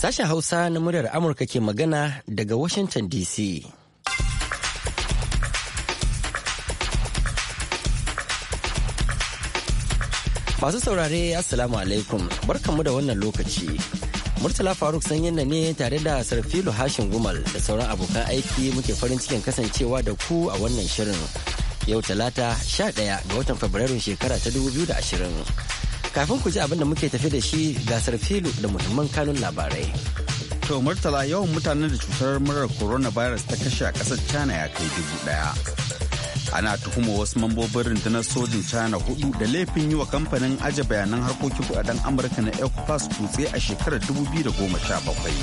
Sashen Hausa na muryar Amurka ke magana daga Washington DC. Masu saurare Assalamu alaikum barkanmu da wannan lokaci. Murtala Faruk sanyin yana ne tare da Sarfilu Hashin Gumal da sauran abokan aiki muke farin cikin kasancewa da ku a wannan shirin. Yau talata 11 ga watan Fabrairun shekara ta 2020. Kafin ku ji abin da muke tafi da shi gasar filu da muhimman kanun labarai. To Murtala yawan mutanen da cutar murar coronavirus ta kashe a ƙasar China ya kai dubu ɗaya. Ana tuhuma wasu mambobin rundunar sojin China hudu da laifin yi wa kamfanin aje bayanan harkokin kudaden Amurka na Equifax kutse a shekarar da bakwai.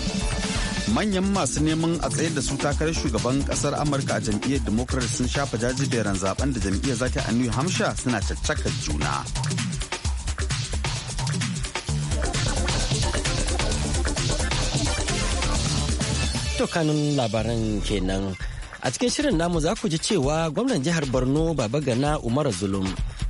manyan masu neman a tsayar da su takarar shugaban kasar amurka a jam'iyyar democrat sun shafa jajiberan zaben da jam'iyyar zata a new hampshire suna caccakar juna Tokanin labaran kenan. A cikin shirin namu za ku ji cewa gwamnan jihar Borno Baba Gana Umar Zulum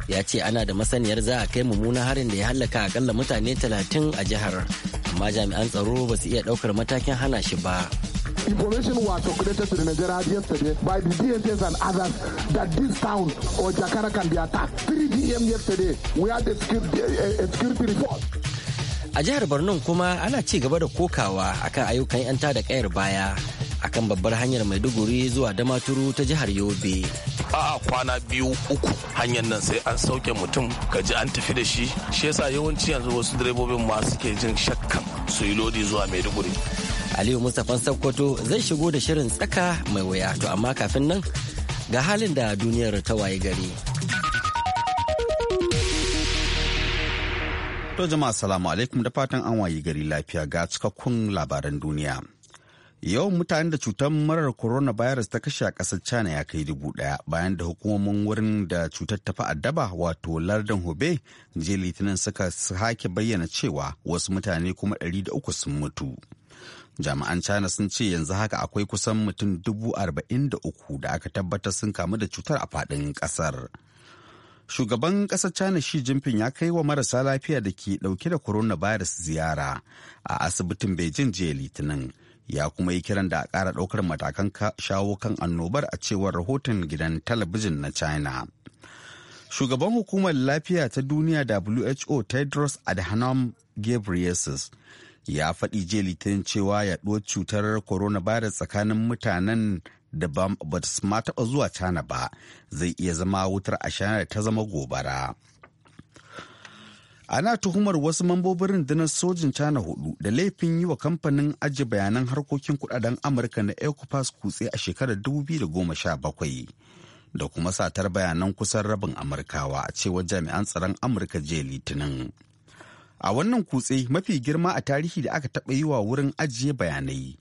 ya ce ana da masaniyar za a kai mummunan harin da ya hallaka akalla mutane 30 a jihar. Amma jami'an tsaro ba su iya ɗaukar matakin hana shi ba. Information was circulated to the Nigerians yesterday by the DSS and others that this town or Jakarta can be attacked. 3 p.m. yesterday, we had a security report. a jihar borno kuma ana ci gaba da kokawa akan ayyukan 'yan da kayar baya akan babbar hanyar maiduguri zuwa damaturu ta jihar yobe a kwana biyu uku hanyar nan sai an sauke mutum ka an tafi da shi shi yasa yawanci yanzu wasu direbobin ma suke jin shakkan su yi lodi zuwa maiduguri aliyu mustapha sokoto zai shigo da shirin tsaka mai wuya to amma kafin nan ga halin da duniyar ta waye gari To jama'a salamu alaikum da fatan an wayi gari lafiya ga cikakkun labaran duniya. Yawan mutanen da cutar marar Corona coronavirus ta kashe a ƙasar China ya kai dubu ɗaya bayan da hukumomin wurin da cutar ta fi addaba wato lardin Hubei jiya litinin suka hake bayyana cewa wasu mutane kuma ɗari da uku sun mutu. jami'an china sun ce yanzu haka akwai kusan mutum dubu arba'in da uku da aka tabbatar sun kamu da cutar a faɗin ƙasar shugaban ƙasar china shi jinping ya kai wa marasa lafiya da ke ɗauke da coronavirus ziyara a asibitin beijing jiya litinin ya kuma yi kiran da a ƙara ɗaukar matakan shawo kan annobar a cewar rahoton gidan talabijin na china shugaban hukumar lafiya ta duniya who tedros adhanom ghebreyesus ya faɗi jiya litinin cewa yaɗuwar cutar coronavirus tsakanin mutanen da ba su ma taɓa zuwa cana ba zai iya zama wutar ashana da ta zama gobara. ana tuhumar wasu mambobin rundunar sojin Cana hudu da laifin yi wa kamfanin ajiye bayanan harkokin kudaden amurka na ecopass kutse a shekarar 2017 da kuma satar bayanan kusan rabin amurkawa a cewar jami'an tsaron amurka jiya litinin a wannan kutse mafi girma a tarihi da aka taɓa yi wa wurin ajiye bayanai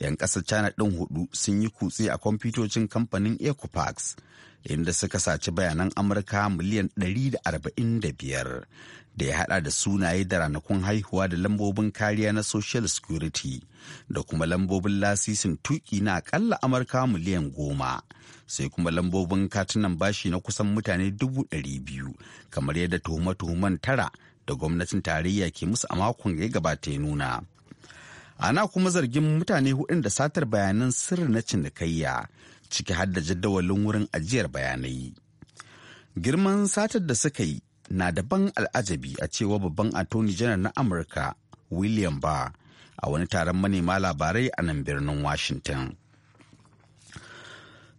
'yan ƙasar china ɗin hudu sun yi kutse a kwamfutocin kamfanin ecofax inda suka saci bayanan amurka miliyan 145 da ya hada da sunaye da ranakun haihuwa da lambobin kariya na social security da kuma lambobin lasisin tuki na akalla amurka miliyan goma sai kuma lambobin katunan bashi na kusan mutane 200,000 kamar yadda tuhuma-tuhuman tara da gwamnatin tarayya ke musu a makon da ya gabata ya nuna. ana kuma zargin mutane hudun da satar bayanan sirri na cinikayya ciki har da jadawalin wurin ajiyar bayanai girman satar da suka yi na daban al'ajabi a cewa babban attorney general na amurka william Ba…, a wani taron manema labarai a nan birnin washington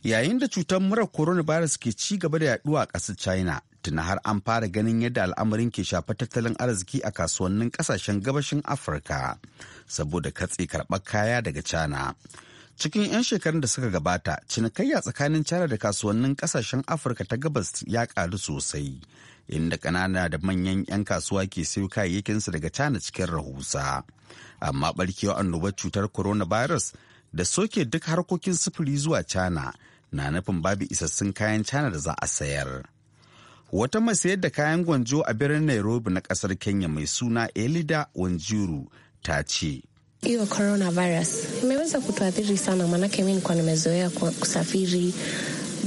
yayin da cutar murar coronavirus ke ci gaba da yaduwa a ƙasar china tuna har an fara ganin yadda al'amarin ke shafa tattalin arziki a kasuwannin kasashen gabashin afirka saboda katse karɓar kaya daga cana cikin 'yan shekarun da suka gabata cinikayya tsakanin cana da kasuwannin kasashen afirka ta gabas ya ƙaru sosai inda ƙanana da manyan 'yan kasuwa ke sayo kayayyakinsu daga cana cikin rahusa amma ɓarkewar annobar cutar coronavirus da soke duk harkokin sufuri zuwa cana na nufin babu isassun kayan cana da za a sayar. Wata mai sayar da kayan gwanjo a birnin Nairobi na kasar Kenya mai suna Elida Wanjiru ta ce. Hiyo coronavirus imeweza kutuathiri sana, maanake nilikuwa nimezoea kusafiri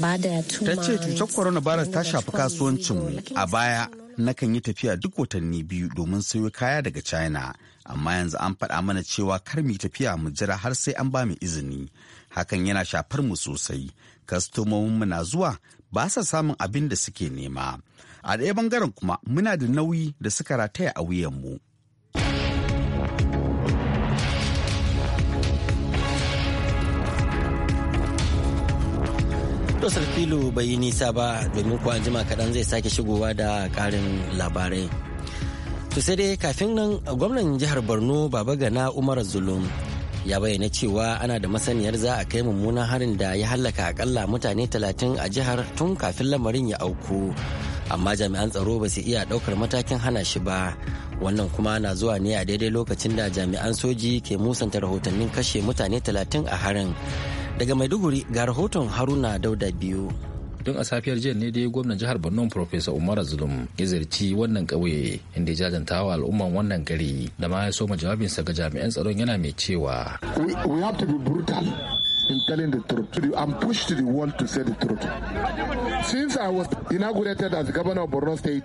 baada ya tuma. Ta ce cutar coronavirus ta shafi kasuwancinmu a baya nakan yi tafiya duk watanni biyu domin sayo kaya daga China. Amma yanzu an faɗa mana cewa kar mu tafiya mu jira har sai an ba mu izini. Hakan yana shafar mu sosai. Kastomomin mu na zuwa ba sa samun abin da suke nema. A ɗaya bangaren kuma muna da nauyi da suka rataya a wuyanmu. Dosar filu bai yi nisa ba domin kuwa jima kaɗan zai sake shigowa da ƙarin labarai. To dai kafin nan gwamnan jihar Borno Baba Gana Umar Zulum ya bayyana cewa ana da masaniyar za a kai mummunan harin da ya hallaka akalla mutane 30 a jihar tun kafin lamarin ya auku amma jami'an tsaro ba su iya daukar matakin hana shi ba wannan kuma na zuwa ne a daidai lokacin da jami'an soji ke musanta rahotannin kashe mutane 30 a harin daga maiduguri ga rahoton haruna dauda biyu don a safiyar jiya ne dai gwamnan jihar borno professor umar zulum ya ziyarci wannan ƙauye inda ya jajanta wa al'umman wannan gari da ma ya soma jawabinsa ga jami'an tsaron yana mai cewa we have to be brutal in telling the truth. I'm pushed to the wall to say the truth. Since I was inaugurated as governor of Borno State,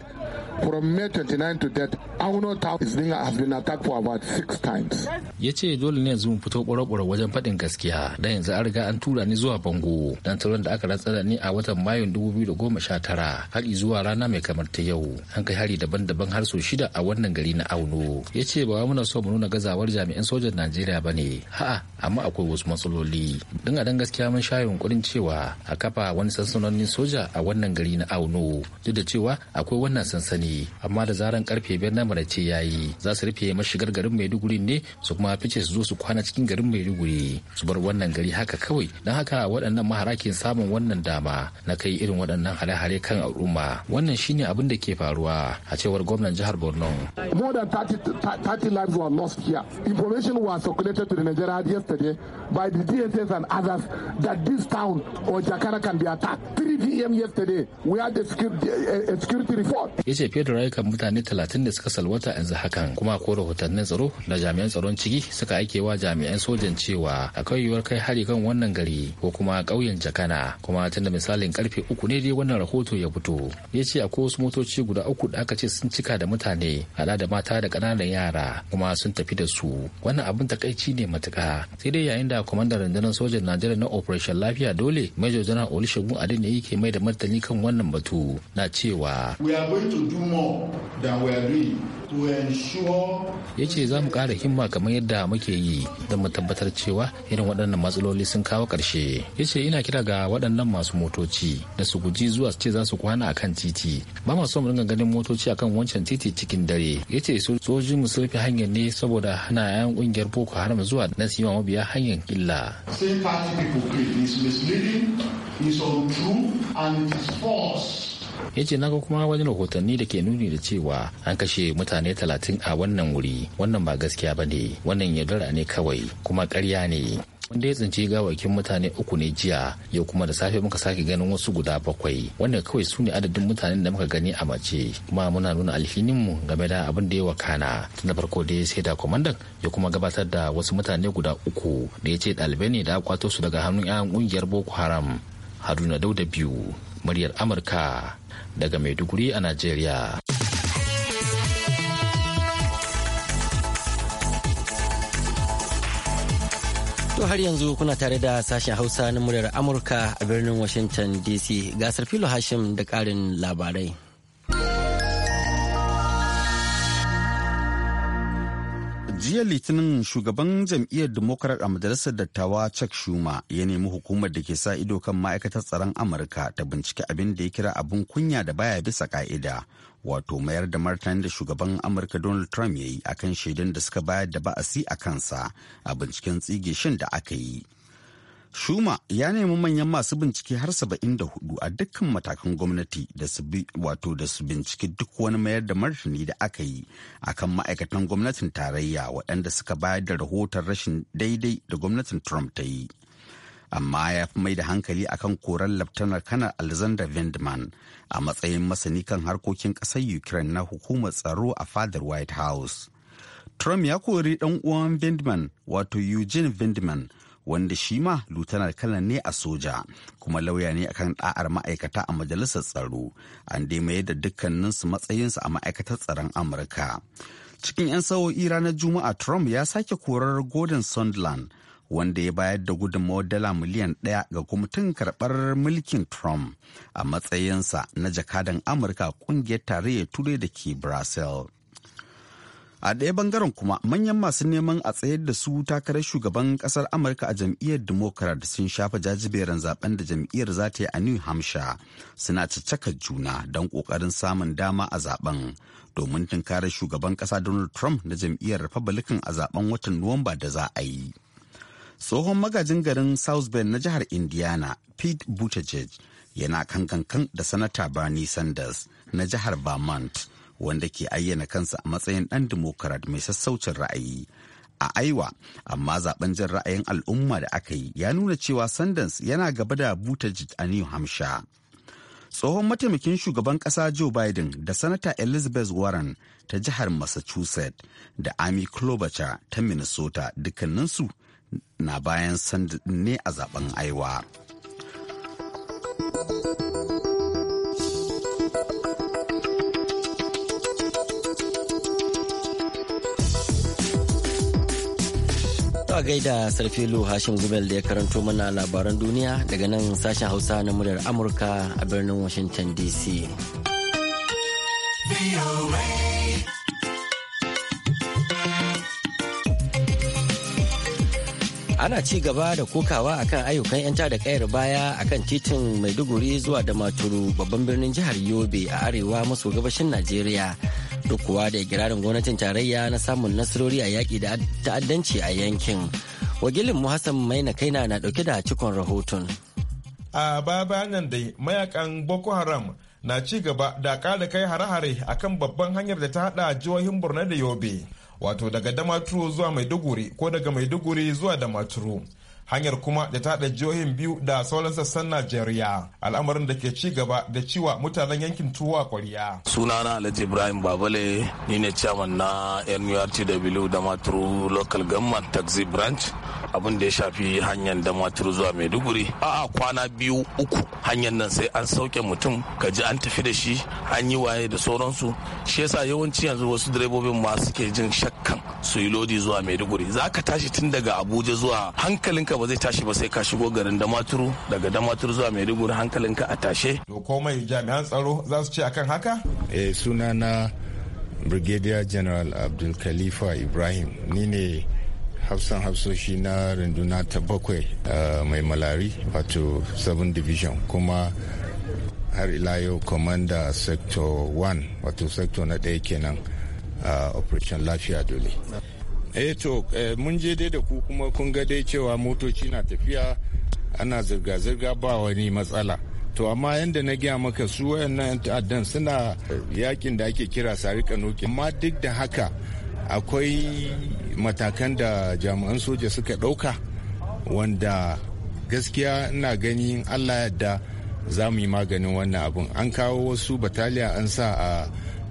From May 29 to that, Auno Town has been attacked for about six times. Ya ce dole ne yanzu mu fito ɓura wajen faɗin gaskiya, dan yanzu an riga an tura ni zuwa bango, dan tsoron da aka rantsar ni a watan Mayun 2019 har zuwa rana mai kamar ta yau. An kai hari daban-daban har so shida a wannan gari na Auno. Ya ce ba muna so mu nuna gazawar jami'an sojan Najeriya ba ne, ha'a amma akwai wasu matsaloli. Dan a dan gaskiya mun sha yunkurin cewa a kafa wani sansanonin soja a wannan gari na Auno, duk da cewa akwai wannan sansani ne amma da zaran karfe biyar na marace ya yi za su rufe mashigar garin maiduguri ne su kuma fice su zo su kwana cikin garin maiduguri su bar wannan gari haka kawai don haka waɗannan mahara ke samun wannan dama na kai irin waɗannan hare-hare kan al'umma wannan shine abin da ke faruwa a cewar gwamnan jihar borno more than 30, 30 lives were lost here information was circulated to the nigeria yesterday by the dss and others that this town or jakara can be attacked 3 pm yesterday we had a security, a, eh, a eh, security report fiye da rayukan mutane talatin da suka salwata yanzu hakan kuma ko rahotannin tsaro da jami'an tsaron ciki suka aike wa jami'an sojan cewa akwai yiwuwar kai hari kan wannan gari ko kuma ƙauyen jakana kuma tun da misalin karfe uku ne dai wannan rahoto ya fito ya ce akwai wasu motoci guda uku da aka ce sun cika da mutane hada da mata da ƙananan yara kuma sun tafi da su wannan abin takaici ne matuka sai dai yayin da kwamandan rundunar sojan najeriya na operation lafiya dole major general olusegun adeniyi ke mai da martani kan wannan batu na cewa we are going to do yace zamu ya ce za mu ƙara himma kamar yadda muke yi don mu tabbatar cewa irin waɗannan matsaloli sun kawo karshe ya ce ina kira ga waɗannan masu motoci da su guji zuwa su ce za su kwana a kan titi ba ma so mu ganin motoci akan wancan titi cikin dare ya ce sojoji mu sulfi hanyar ne saboda hana 'yan ƙungiyar boko haram zuwa na su mabiya hanyar illa Say party people create is misleading, is untrue, and is false. ya ce naga kuma wani rahotanni da ke nuni da cewa an kashe mutane talatin a wannan wuri wannan ba gaskiya ba ne wannan yaudara ne kawai kuma karya ne wanda ya tsinci gawakin mutane uku ne jiya yau kuma da safe muka sake ganin wasu guda bakwai wanda kawai su ne adadin mutanen da muka gani a mace kuma muna nuna alhininmu game da abin da ya wakana tun da farko da ya sai da kwamandan ya kuma gabatar da wasu mutane guda uku da ya ce ɗalibai ne da kwato su daga hannun 'yan ƙungiyar boko haram haruna dauda biyu muryar amurka daga maiduguri a nigeria. To har yanzu kuna tare da sashen Hausa na muryar Amurka a birnin Washington DC gasar filo Hashim da karin labarai. jiya litinin shugaban jam'iyyar democrat a majalisar dattawa chuck schumer ya nemi hukumar da ke sa ido kan ma'aikatar tsaron amurka ta binciki abin da ya kira abin kunya da baya bisa ka'ida wato mayar da martani da shugaban amurka donald trump ya yi akan shaidun da suka bayar da ba'asi a kansa a binciken tsige shin da aka yi Shuma ya nemi manyan masu bincike har 74 a dukkan matakan gwamnati da su bi wato da su binciki duk wani mayar da martani da aka yi akan ma'aikatan gwamnatin tarayya waɗanda suka bayar da rahoton rashin daidai da gwamnatin Trump ta yi. Amma ya fi mai da hankali akan koran Laftanar Kanar Alexander Vindman a matsayin masani kan harkokin ƙasar Ukraine na hukumar tsaro a fadar White House. Trump ya kori ɗan uwan Vindman wato Eugene Vindman wanda shi ma lutanar kanan ne a soja kuma lauya ne akan da'ar ma'aikata a majalisar tsaro an dai yadda da dukkaninsu matsayinsu a ma'aikatar tsaron amurka cikin 'yan sa'o'i ranar juma'a trump ya sake korar gordon Sondland. wanda ya bayar da gudunmawar dala miliyan ɗaya ga kwamitin karbar mulkin trump a matsayinsa na jakadan amurka ƙungiyar tarayyar turai da ke brazil a ɗaya bangaren kuma manyan masu neman a tsayar da su takarar shugaban ƙasar amurka a jam'iyyar democrat sun shafa jajiberin zaben da jam'iyyar za ta yi a new hampshire suna caccaka juna don ƙoƙarin samun dama a zaben domin tunkarar shugaban ƙasa donald trump na jam'iyyar republican a zaben watan nuwamba da za a yi tsohon magajin garin south bend na jihar indiana pete buttigieg yana kankan da sanata bernie sanders na jihar vermont wanda ke ayyana kansa a matsayin ɗan demokrat mai sassaucin ra'ayi a aiwa amma zaben jin ra'ayin al'umma da aka yi ya nuna cewa sanders yana gaba da buta a new hampshire tsohon mataimakin shugaban kasa joe biden da sanata elizabeth warren ta jihar massachusetts da amy klobuchar ta minnesota dukkaninsu na bayan sanders ne a zaben aiwa. a gaida sarfilo Hashim zubel da ya karanto mana labaran duniya daga nan sashen Hausa na muryar Amurka a birnin Washington DC. ana ci gaba da kokawa akan ayyukan yanta da kayar baya akan titin maiduguri zuwa da maturu babban birnin jihar yobe a arewa maso gabashin najeriya duk kuwa da ikirarin gwamnatin tarayya na samun nasarori a yaƙi da ta'addanci a yankin wagilin mu hassan maina kaina na ɗauke da cikon rahoton a baya nan dai mayakan boko haram na ci gaba da ƙara kai hare-hare akan babban hanyar da ta haɗa jihohin borno da yobe wato daga damaturu zuwa maiduguri ko daga maiduguri zuwa damaturu hanyar kuma da ta haɗa jihohin biyu da sauran sassan Najeriya al'amarin da ke ci gaba da ciwa mutanen yankin tuwa kwariya. Sunana Alhaji Ibrahim Babale ni ne chairman na NURTW da Maturu Local Government Taxi Branch abin da ya shafi hanyar damaturu zuwa maiduguri a'a kwana biyu uku hanyar nan sai an sauke mutum ka ji an tafi da shi an yi waye da sauransu shi yasa yawanci yanzu wasu direbobin ma suke jin shakkan su yi lodi zuwa maiduguri za ka tashi tun daga abuja zuwa hankalinka ba zai tashi ba sai ka shigo garin damaturu daga damaturu zuwa maiduguri hankalinka a tashe to komai jami'an tsaro za su ce akan haka eh sunana brigadier general abdul khalifa ibrahim ni ne hafsan hafsoshi na runduna ta bakwai eh, mai malari wato 7 division kuma har ila yau commander sector 1 wato sector na ɗaya kenan eh, operation lafiya dole eh to eh, mun je dai da ku kuma kun ga dai cewa motoci na tafiya ana zirga-zirga ba wani matsala to amma yadda na gaya maka su wayannan ta'addan suna yakin da ake kira sarika noki amma duk da haka akwai matakan da jami'an soja suka ɗauka wanda gaskiya ina gani allah yadda za mu yi maganin wannan abun an kawo wasu bataliya an sa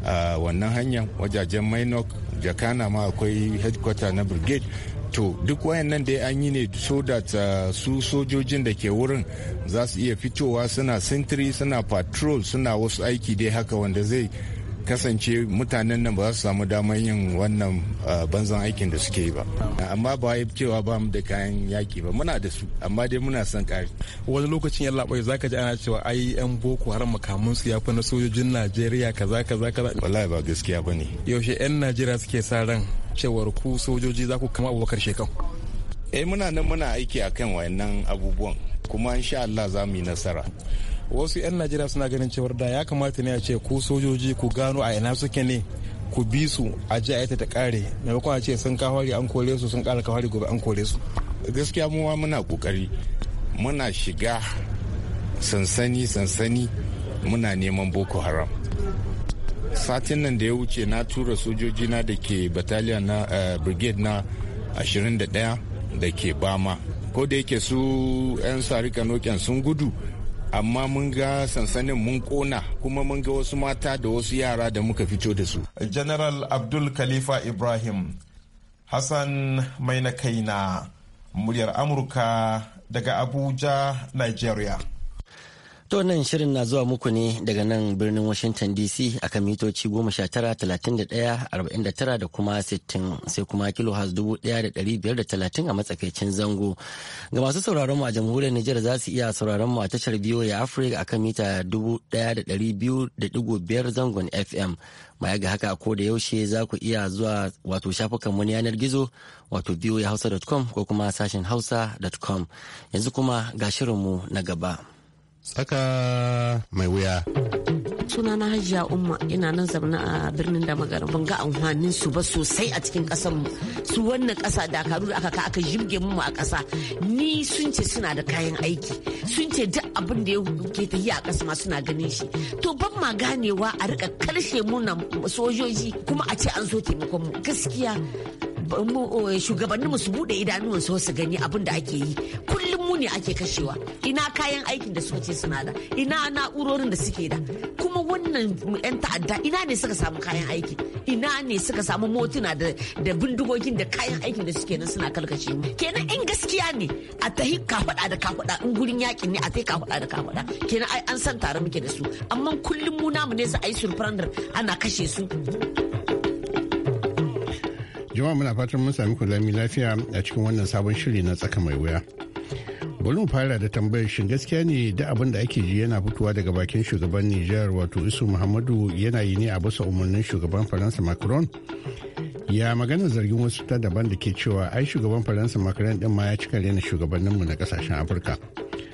a wannan hanyar wajajen mainok jakana ma akwai headquarter na brigade to duk wayannan da an yi ne so that uh, su sojojin da ke wurin za su iya fitowa suna sintiri suna patrol suna wasu aiki dai haka wanda zai kasance mutanen nan ba za su samu damar yin wannan banzan aikin da suke yi ba amma ba wai cewa ba mu da kayan yaki ba muna da su amma dai muna son kari wani lokacin yalla bai ka ji ana cewa ai yan boko har makamun su ya fi na sojojin Najeriya kaza kaza kaza wallahi ba gaskiya bane yaushe yan Najeriya suke sa ran cewar ku sojoji za ku kama Abubakar Shekau eh muna nan muna aiki akan wayannan abubuwan kuma insha Allah za mu yi nasara wasu 'yan najeriya suna ganin cewar da ya kamata ne a ce ku sojoji ku gano a ina suke ne ku bi su a ji a ta kare maimakon a ce sun kawari an kore su sun kara kawari gobe an kore su gaskiya muwa muna kokari muna shiga sansani sansani muna neman boko haram satin nan da ya wuce na tura sojoji na da ke battalion na eh, brigade na 21 da ke bama ko da yake su 'yan sarika noken sun gudu amma mun ga sansanin mun kona kuma mun ga wasu mata da wasu yara da muka fito da su general abdul khalifa ibrahim hassan Mainakaina, na muryar amurka daga abuja nigeria To nan shirin na zuwa muku ne daga nan birnin Washington DC a kan mitoci 19,31,49 da kuma 60 sai kuma kilohaz 1,530 a matsakaicin zango. Ga masu sauraron mu a jamhuriyar Nijar za su iya sauraron mu a tashar ya Africa kan mita 1,200.5 zangon FM. Baya ga haka ko da yaushe za ku iya zuwa wato shafukan mu yanar gizo wato voahausa.com ko kuma sashen hausa.com. Yanzu kuma ga shirinmu na gaba. tsaka mai wuya. suna na hajiya umma ina nan zamana a birnin da magana ban ga amfanin su ba sosai a cikin kasar su wannan kasa dakaru da aka ka aka jirge mu a kasa ni sun ce suna da kayan aiki sun ce duk abin da ya ke ta yi a kasa ma suna ganin shi to ban ma ganewa a rika karshe muna sojoji kuma a ce an zo taimakon mu gaskiya shugabannin su bude idanuwan su su gani abin da ake yi kullum mu ne ake kashewa ina kayan aikin da suke suna da ina na'urorin da suke da kuma wannan 'yan ta'adda ina ne suka samu kayan aiki ina ne suka samu motuna da bindigogin da kayan aikin da suke nan suna kalkace mu kenan in gaskiya ne a tahi kafada da kafada in gurin yakin ne a tahi kafada da kafada kenan ai an san tare muke da su amma kullum mu namu ne su ai surprender ana kashe su jama'a muna fatan mun sami kulami lafiya a cikin wannan sabon shiri na tsaka mai wuya bari mu fara da tambayar shin gaskiya ne da abin da ake ji yana fitowa daga bakin shugaban Nijar wato Isu Muhammadu yana yi ne a bisa umarnin shugaban Faransa Macron ya magana zargin wasu ta daban da ke cewa ai shugaban Faransa Macron din ma ya cika rena shugabanninmu na kasashen Afirka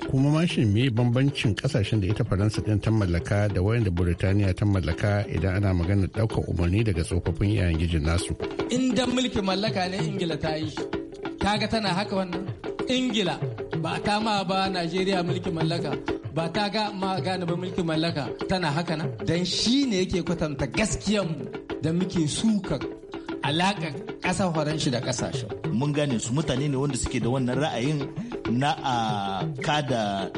kuma ma shi me bambancin kasashen da ita faransa din ta mallaka da wayanda burtaniya ta mallaka idan ana maganar ɗaukar umarni daga tsofaffin iyayen gijin nasu in dan mallaka ne ingila ta yi ta ga tana haka wannan ingila ba ta ma ba najeriya mulki mallaka ba ta ga ma gane ba mulki mallaka tana haka na. dan shi ne yake kwatanta gaskiyan da muke suka alaƙar ƙasa horon da ƙasashen mun gane su mutane ne wanda suke da wannan ra'ayin na a kada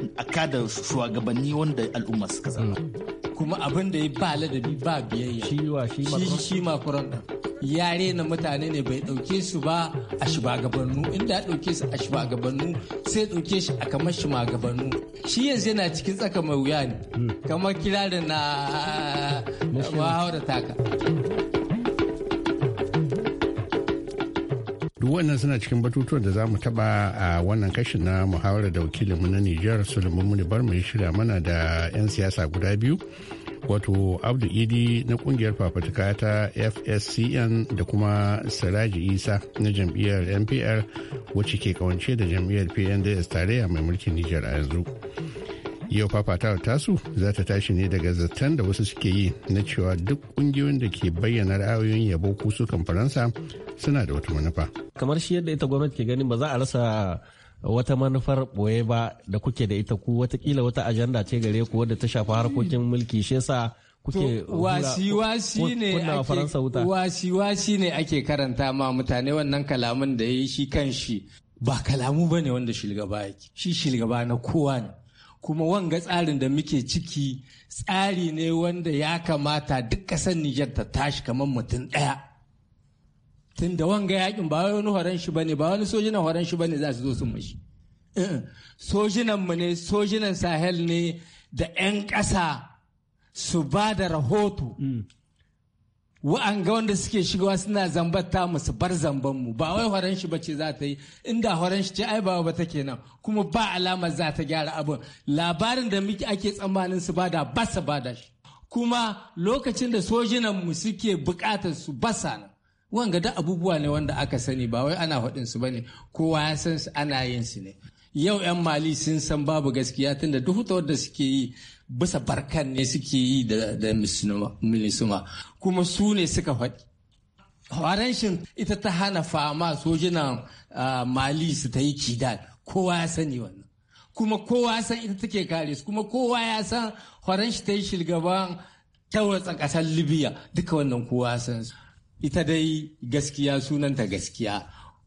shugabanni wanda al'umma suka zama mm. kuma abin da ya ba ladabi ba biyayya shi shi ma yare na mutane ne bai ɗauke su ba a shugabannu inda ya ɗauke su a shugabannu sai ɗauke shi a kamar shugabannu shi yanzu yana cikin tsaka mai wuya ne mm. kamar kirarin na wahau taka duk wannan suna cikin batutuwan da za mu taba a wannan kashin na muhawarar da wakilinmu na nijar sulaiman muni bar mai shirya mana da 'yan siyasa guda biyu wato abdu idi na kungiyar fafutuka ta fscn da kuma siraji isa na jam'iyyar npr wacce ke kawance da jam'iyyar pnds tarayya mai mulkin nijar a yanzu yau fafatawar tasu za ta tashi ne daga zaton da wasu suke yi na cewa duk kungiyoyin da ke bayyana ra'ayoyin yabo ko sukan faransa suna da wata manufa kamar shi yadda ita gwamnati ke ganin ba za a rasa wata manufar boye ba da kuke da ita ku watakila wata ajanda ce gare ku wadda ta shafi harkokin mulki shi yasa kuke wasi-wasi ne ake karanta ma mutane wannan kalamin da ya yi shi kan shi ba kalamu ba ne wanda shilgaba yake shi shilgaba na kowa ne kuma wanga tsarin da muke ciki tsari ne wanda ya kamata duk ƙasar Nijar ta tashi kamar mutum ɗaya. Tun da wanga yakin ba wani horon shi bane ba wani sojinan horon shi bane za su zo su mashi. Eh, sojinan mu ne sojinan sahel ne da 'yan ƙasa su ba da rahoto mm. wa'anga wanda suke shigowa suna zambata ta musu bar zamban mu ba wai horon shi bace za ta yi inda horon shi ce ai ba ba take nan kuma ba alamar za ta gyara abin labarin da muke ake tsammanin su bada basa bada shi kuma lokacin da sojinan mu suke bukatar su basa nan wanga da abubuwa ne wanda aka sani ba wai ana haɗin su bane kowa ya san su ana yin su ne yau 'yan mali sun san babu gaskiya tunda duk hutawar da suke yi bisa barkan ne suke yi da minisuma kuma su ne suka faɗi Faranshin ita ta hana fama sojinan mali su ta yi kidal kowa ya sani wannan kuma kowa ya san ita take kare su kuma kowa ya san shi ta yi shilgaban tawatsa ƙasar libya duka wannan kowa ya san ita dai gaskiya sunanta gaskiya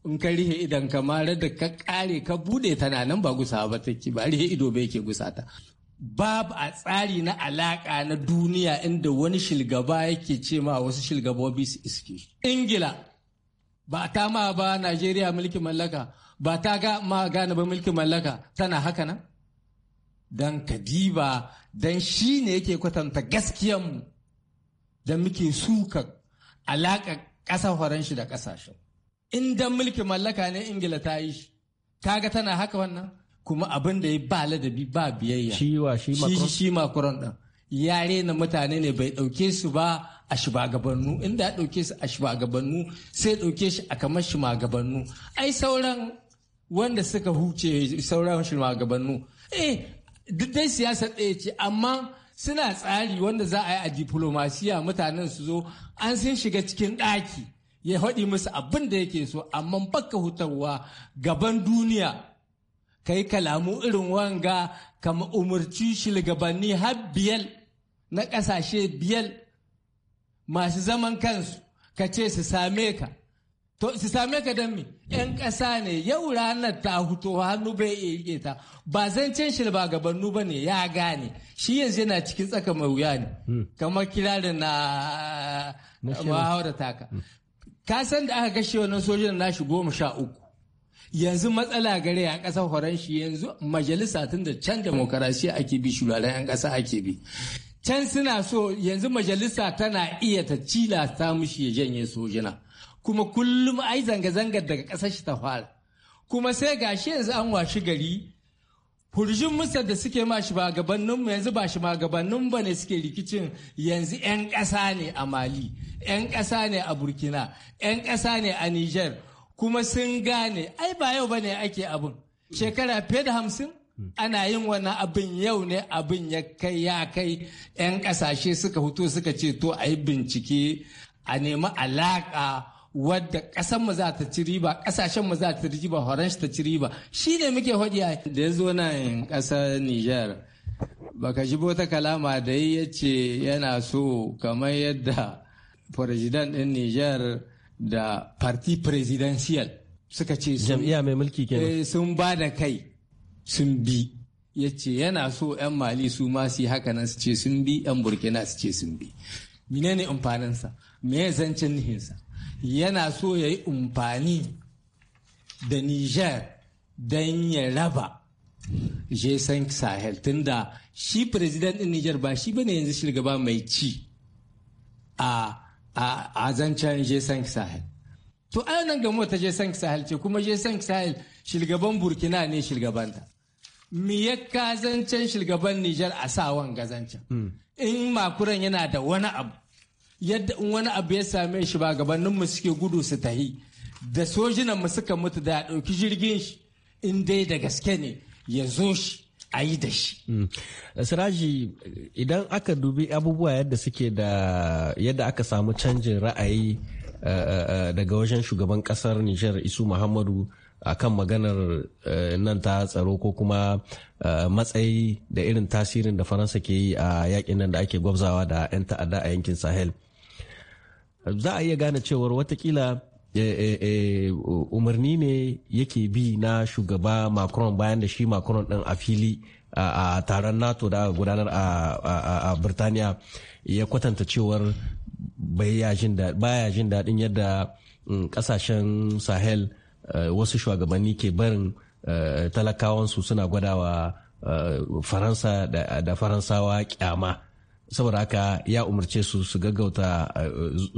in ka rihe idan ka mara da ka kare ka bude tana nan ba gusa ba take ba rihe ido bai ke gusa ta babu a tsari na alaka na duniya inda wani shilgaba yake ce ma wasu shilgabobi su iske ingila ba ta ma ba najeriya mulkin mallaka ba ta ga ma gane ba mulkin mallaka tana haka nan don kadiba don shi ne yake kwatanta gaskiyanmu da muke suka alaƙa ƙasa faranshi da ƙasashe. in dan mulkin mallaka ne ingila ta yi shi kaga tana haka wannan kuma abin da ya ba ladabi ba biyayya shi shi makuron ɗin yare na mutane ne bai ɗauke su ba a shugabannu inda ya ɗauke su a shugabannu sai ɗauke shi a kamar shugabannu ai sauran wanda suka huce sauran shugabannu eh duk dai siyasa ɗaya ce amma suna tsari wanda za a yi a diplomasiya mutanen su zo an sun shiga cikin ɗaki ya haɗi musu abin da yake so amma baka hutarwa gaban duniya ka yi kalamu irin wanga kama umarci shilgabanni har biyal na ƙasashe biyal masu zaman kansu ka ce su same ka to su same ka don me yan ƙasa ne yau ranar ta hutu hannu bai iya ta ba zan shilba shi ba ne ya gane shi yanzu yana cikin tsaka mai wuya ne hmm. kamar kirarin na muhawarar taka hmm. ka san da aka kashe wannan sojan shi goma sha uku yanzu matsala gare a ƙasar faranshi yanzu majalisa tun da can demokarasiya ake bi shugaban 'yan ƙasa ake bi can suna so yanzu majalisa tana iya ta cila ta mushi ya janye sojina kuma kullum ai zanga-zangar daga ƙasar shi ta fara kuma sai gashi yanzu an washi gari furjin musar da suke ma shi gabaninmu yanzu ba shi gabanin ba ne suke rikicin yanzu 'yan ƙasa ne a mali 'yan ƙasa ne a burkina 'yan ƙasa ne a niger kuma sun gane ai ba yau ba ne ake abin shekara fiye da hamsin ana yin wani abin yau ne abin ya kai ya kai 'yan ƙasashe suka hutu suka ce to a yi bincike a nemi alaƙa wadda ƙasar mu za ta ci riba ƙasashen mu za ta ci riba horon ta ci riba shi ne muke hodiya da ya zo nan ƙasar Nijar baka shi ta kalama da ya ce yana so kamar yadda president ɗin Nijar da parti presidential suka ce jam'iyya mai mulki kenan eh, sun ba da kai sun bi ya ce yana so 'yan mali su ma su yi haka nan su ce sun bi 'yan burkina su ce sun bi menene amfaninsa me zancen nihinsa yana so ya yi umfani da Niger don ya raba jesan sahel tunda shi president din Niger ba shi bane yanzu shirgaba mai ci a a zancen jesan sahel to a nan gamo ta jesan sahel ce kuma jesan sahel shirgaban burkina ne shirgabanta mi ya ka zancen shirgaban Niger a sa wanga zancen hmm. in makuran yana da wani abu yadda in wani abu ya same shi ba mu suke gudu su tahi da mu suka mutu da ɗauki jirgin shi in dai da gaske ne ya zo shi a yi da shi. Mm. Siraji idan aka dubi abubuwa yadda suke da yadda aka samu canjin ra'ayi eh, eh, eh, daga wajen shugaban kasar Nijar Isu Muhammadu a kan maganar nan ta tsaro ko kuma matsayi da irin tasirin da Faransa ke yi a yakin nan da ake gwabzawa da 'yan ta'adda a yankin Sahel. za a iya gane cewar watakila eh, eh, eh, umarni ne yake bi na shugaba macron bayan da shi macron din a fili a taron nato da gudanar a birtaniya ya kwatanta cewar baya jin daɗin yadda mm, ƙasashen sahel wasu shugabanni ke barin talakawansu suna gwadawa faransa da faransawa kyama saboda haka ya umarce su su gaggauta eh,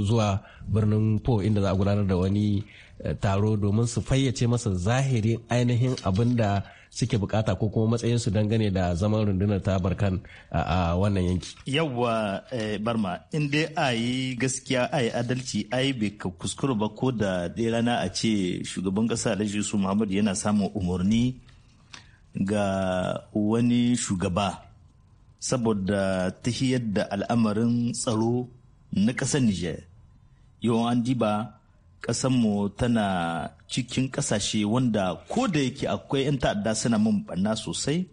zuwa birnin po inda za a gudanar da wani eh, taro domin su fayyace masa zahirin ainihin abin da suke bukata ko kuma matsayinsu dangane da zaman rundunar ta barkan a wannan yanki. Yawwa eh, barma in dai a yi gaskiya a yi adalci a yi bai kuskura ba ko da ɗaya rana a ce shugaban ƙasa da su Muhammadu yana samun umarni ga wani shugaba saboda tahiyar da al'amarin tsaro na ƙasar Nijar. Yawan an diba ƙasanmu tana cikin ƙasashe wanda ko da yake akwai 'yan ta'adda suna mun banna sosai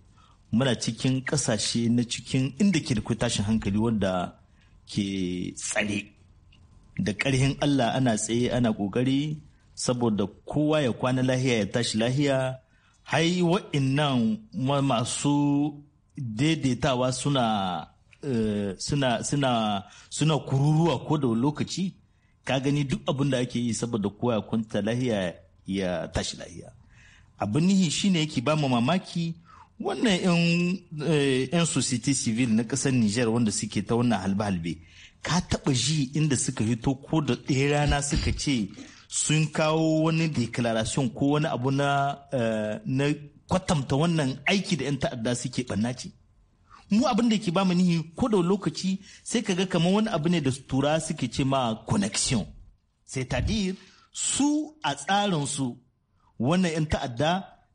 muna cikin ƙasashe na cikin inda ke da tashin hankali wanda ke tsare. Da ƙarhin Allah ana tsaye ana ƙoƙari saboda kowa ya kwana lahiya ya tashi lahiya hai wa'innan masu daidaitawa suna eh, suna suna suna kururuwa ko da lokaci ka gani duk abin da ake yi saboda kowa ya kwanta lahiya ya tashi lahiya abin nihi shine yake ba mu mamaki wannan 'yan eh, society civil na kasar niger wanda suke ta wannan halbe-halbe ka taba ji inda suka hito ko da ɗaya rana suka ce sun kawo wani declaration ko wani abu na eh, kwatamta wannan aiki da 'yan ta'adda suke ɓanna ce mu abin da ke bamu nihi ko da lokaci sai ka ga kamar wani abu ne da tura suke ce ma connection sai tadir su a tsarin su wannan 'yan ta'adda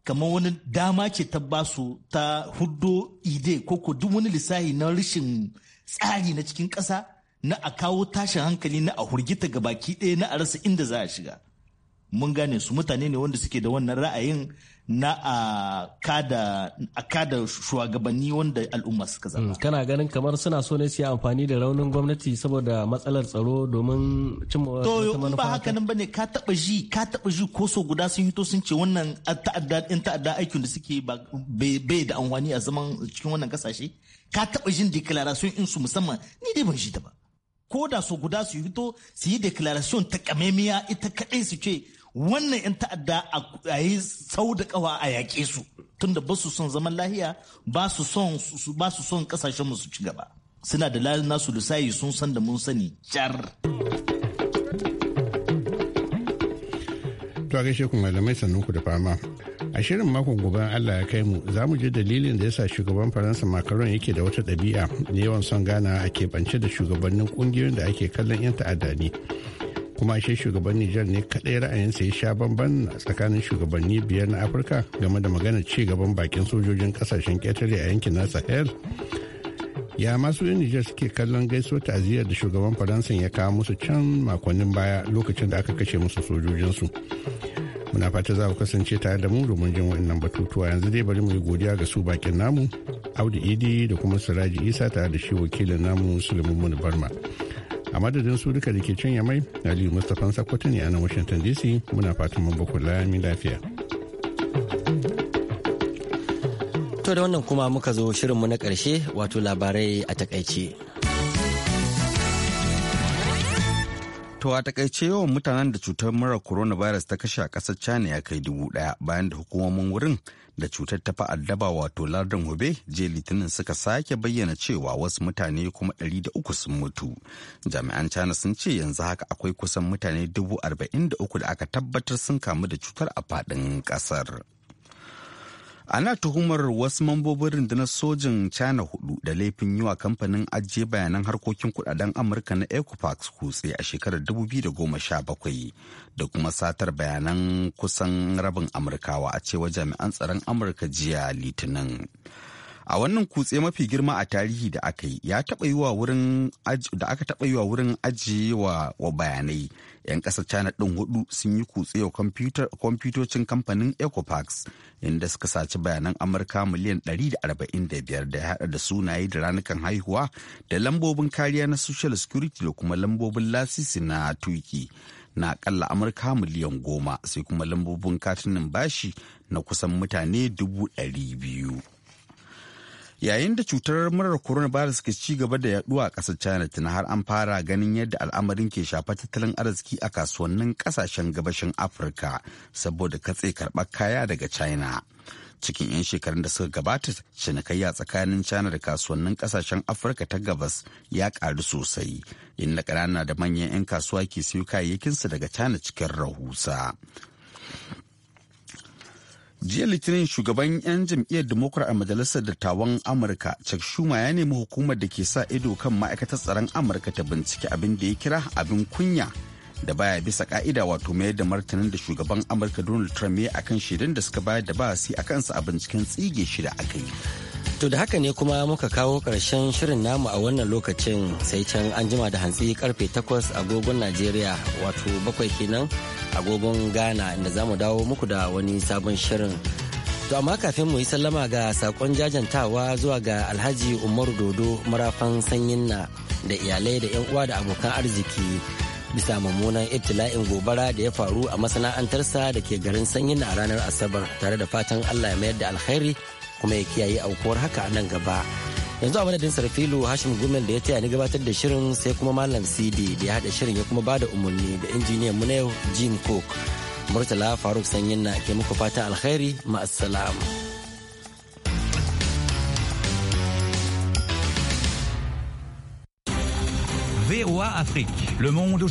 kamar wani dama ce ta ba su ta huddo ide ko ko duk wani lissahi na rashin tsari na cikin ƙasa na a kawo tashin hankali na a hurgita ga baki ɗaya na a rasa inda za a shiga mun gane su mutane ne wanda suke da wannan ra'ayin na a kada shugabanni wanda al'umma suka zaba. Hmm, kana ganin kamar suna so ne su yi amfani da raunin gwamnati saboda matsalar tsaro domin cimma wata manufa. To ba haka nan bane ka taba ji ka taba ji ko so guda sun hito sun ce wannan ta'adda in ta'adda aikin da suke bai da amfani a zaman cikin wannan kasashe ka taba jin declaration in su musamman ni dai ban ji ta ba. Ko da so guda su hito su yi declaration ta kamemiya ita kadai su ce wannan 'yan ta'adda a yi sau da kawa a yaƙe su tunda ba su son zaman lahiya ba su son kasashen su ci gaba suna da lalin nasu lusayi sun san da mun sani jar to a gaishe malamai malamai ku da fama a shirin makon gobe allah ya kai mu za mu je dalilin da yasa shugaban faransa makaron yake da wata ɗabi'a yawan son gana a keɓance da shugabannin ƙungiyoyin da ake kallon 'yan ta'adda ne kuma shi shugaban Nijar ne kaɗai ra'ayinsa ya sha bamban tsakanin shugabanni biyar na Afirka game da magana ci gaban bakin sojojin kasashen ƙetare a yankin na Sahel. Ya masu yin Nijar suke kallon gaiso ta'aziyar da shugaban Faransa ya kawo musu can makonnin baya lokacin da aka kashe musu sojojinsu. Muna fata za ku kasance tare da mu domin jin waɗannan batutuwa yanzu dai bari mu yi godiya ga su bakin namu Audu Idi da kuma Siraji Isa tare da shi wakilin namu Suleiman Barma. a madadin su duka da ke can yamai aliyu mustapha sakwato ne a nan washington dc muna fatan mun baku lami lafiya to da wannan kuma muka zo shirin mu na karshe wato labarai a takaice To a takaice yawan mutanen da cutar mura coronavirus ta kashe a kasar China ya kai dubu ɗaya bayan da hukumomin wurin da cutar ta fi addaba wato lardin Hubei je litinin suka sake bayyana cewa wasu mutane kuma ɗari da uku sun mutu. Jami'an China sun ce yanzu haka akwai kusan mutane dubu arba'in da uku da aka tabbatar sun kamu da cutar a faɗin ƙasar. ana tuhumar wasu mambobin rundunar sojin china hudu da laifin yi wa kamfanin ajiye bayanan harkokin kudaden amurka na equifax kutse a shekarar 2017 da kuma satar bayanan kusan rabin amurkawa a cewa jami'an tsaron amurka jiya litinin a wannan kutse mafi girma a tarihi da aka yi ya taba yi wa wurin da aka taba yi wa wurin ajiyewa wa, bayanai yan kasar china din hudu sun yi kutse wa kwamfutocin kamfanin ecopax inda suka saci bayanan amurka miliyan 145 da ya hada da sunaye da ranakan haihuwa da lambobin kariya na social security da kuma lambobin lasisi na tuki na akalla amurka miliyan goma sai kuma lambobin katunan bashi na kusan mutane dubu biyu. yayin da cutar murar coronavirus ke ci gaba da yaduwa a ƙasar china tana har an fara ganin yadda al'amarin ke shafa tattalin arziki a kasuwannin kasashen gabashin afirka saboda katse karɓar kaya daga china cikin 'yan shekarun da suka gabata cinikayya tsakanin china da kasuwannin kasashen afirka ta gabas ya karu sosai inda ƙanana da manyan 'yan kasuwa ke siyo kayayyakinsu daga china cikin rahusa jiya litinin shugaban 'yan jam'iyyar democrat a majalisar dattawan amurka chuck schumer ya nemi hukumar da ke sa ido kan ma'aikatar tsaron amurka ta bincike abin da ya kira abin kunya da baya bisa ka'ida wato mayar da martanin da shugaban amurka donald trump ya akan shaidan da suka bayar da ba a kansa a binciken tsige shida aka yi To da haka ne kuma muka kawo ƙarshen shirin namu a wannan lokacin sai can an jima da hantsi karfe 8 agogon Najeriya wato bakwai kenan agogon Ghana inda za mu dawo muku da wani sabon shirin. To amma kafin mu yi sallama ga sakon jajantawa zuwa ga Alhaji umaru Dodo marafan sanyin na da iyalai da 'yan uwa da abokan arziki bisa mummunan ibtila'in gobara da ya faru a masana'antarsa da ke garin sanyin a ranar Asabar tare da fatan Allah ya mayar da alkhairi kuma ya kiyaye aukuwar haka a nan gaba yanzu a madadin sarfilu hashim gumel da ya taya ni gabatar da shirin sai kuma malam cd da ya haɗa shirin ya kuma ba da umarni da injiniyan mu na yau jim cook murtala faruk sanyin na ke muku fata alkhairi ma'assalam. VOA Afrique. Le monde